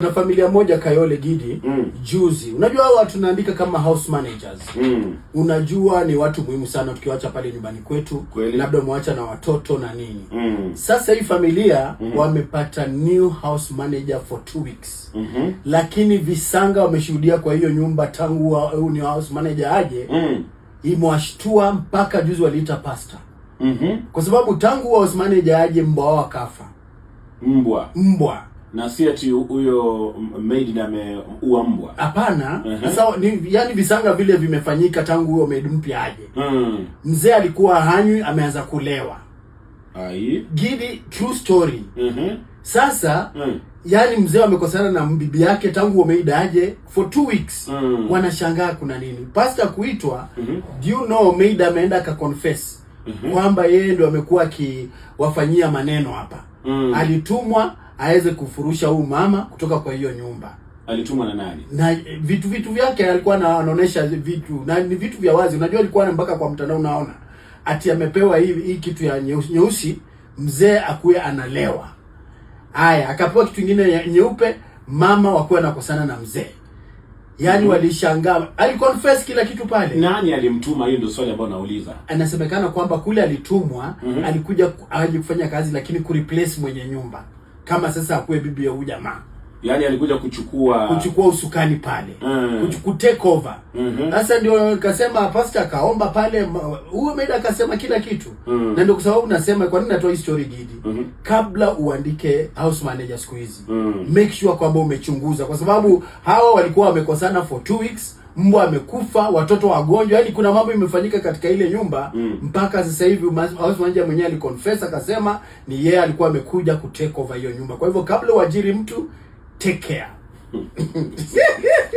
na familia moja Kayole Gidi mm. Juzi unajua hao watu naandika kama house managers mm. Unajua ni watu muhimu sana, tukiwacha pale nyumbani kwetu labda umewacha na watoto na nini mm. Sasa hii familia mm. wamepata new house manager for two weeks mm -hmm. Lakini visanga wameshuhudia kwa hiyo nyumba tangu huyu new house manager aje mm. imewashtua mpaka juzi waliita pasta mm -hmm. Kwa sababu tangu house manager aje mbwa wao akafa mbwa mbwa na si ati huyo maid ameua mbwa, hapana. uh -huh. Sawa, ni yani visanga vile vimefanyika tangu huyo maid mpya aje. mm. Mzee alikuwa hanywi, ameanza kulewa. Ai, gidi true story. uh -huh. Sasa uh yani mzee amekosana na bibi yake tangu huyo maid aje for two weeks. uh Wanashangaa kuna nini, pasta kuitwa. uh -huh. do you know maid ameenda akaconfess kwamba yeye ndo amekuwa akiwafanyia maneno hapa. uh Alitumwa aweze kufurusha huyu mama kutoka kwa hiyo nyumba. Alitumwa na nani? Na eh, vitu vitu vyake alikuwa anaonesha vitu na ni vitu vya wazi. Unajua alikuwa na mpaka kwa mtandao unaona ati amepewa hii hii kitu ya nyeusi, nyeusi mzee akuye analewa. Haya, akapewa kitu kingine nyeupe, mama wakuwa anakosana na mzee. Yaani mm. -hmm. walishangaa. Aliconfess kila kitu pale. Nani alimtuma? Hiyo ndio swali ambalo nauliza. Anasemekana kwamba kule alitumwa, mm -hmm. alikuja aje kazi lakini kureplace mwenye nyumba kama sasa akuwe bibi ya huyu jamaa. Yaani alikuja kuchukua kuchukua usukani pale mm. kuchukua take over mm-hmm. sasa. mm -hmm. Ndio kasema pastor akaomba pale, huyo maida akasema kila kitu mm. na ndio kwa sababu nasema kwa nini natoa story gidi mm -hmm. kabla uandike house manager siku hizi mm. make sure kwamba umechunguza, kwa sababu hawa walikuwa wamekosana for two weeks mbwa amekufa, watoto wagonjwa, yaani kuna mambo imefanyika katika ile nyumba mm. Mpaka sasa hivi house mwenyewe aliconfess akasema ni yeye yeah, alikuwa amekuja kutake over hiyo nyumba. Kwa hivyo kabla uajiri mtu take care